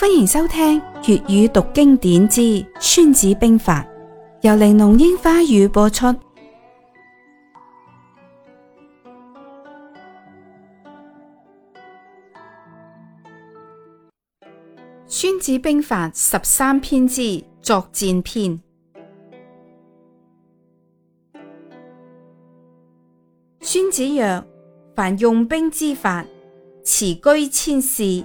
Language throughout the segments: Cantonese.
歡迎收聽粵語讀經典之《孫子兵法》，由玲瓏櫻花語播出。《孫子兵法》十三篇之作戰篇。孫子曰：凡用兵之法，馳車千駟。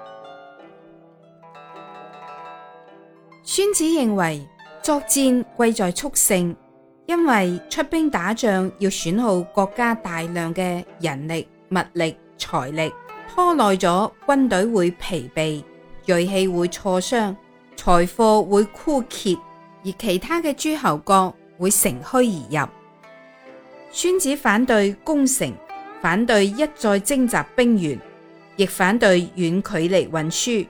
孫子認為作戰貴在速勝，因為出兵打仗要損耗國家大量嘅人力、物力、財力，拖耐咗軍隊會疲憊，銳氣會挫傷，財貨會枯竭，而其他嘅諸侯國會乘虛而入。孫子反對攻城，反對一再徵集兵員，亦反對遠距離運輸。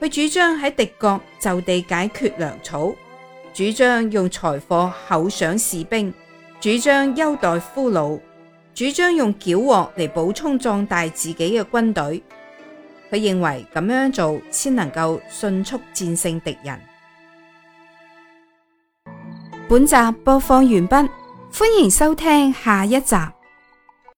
佢主張喺敵國就地解決糧草，主張用財貨厚賞士兵，主張優待俘虜，主張用繳獲嚟補充壯大自己嘅軍隊。佢認為咁樣做先能夠迅速戰勝敵人。本集播放完畢，歡迎收聽下一集。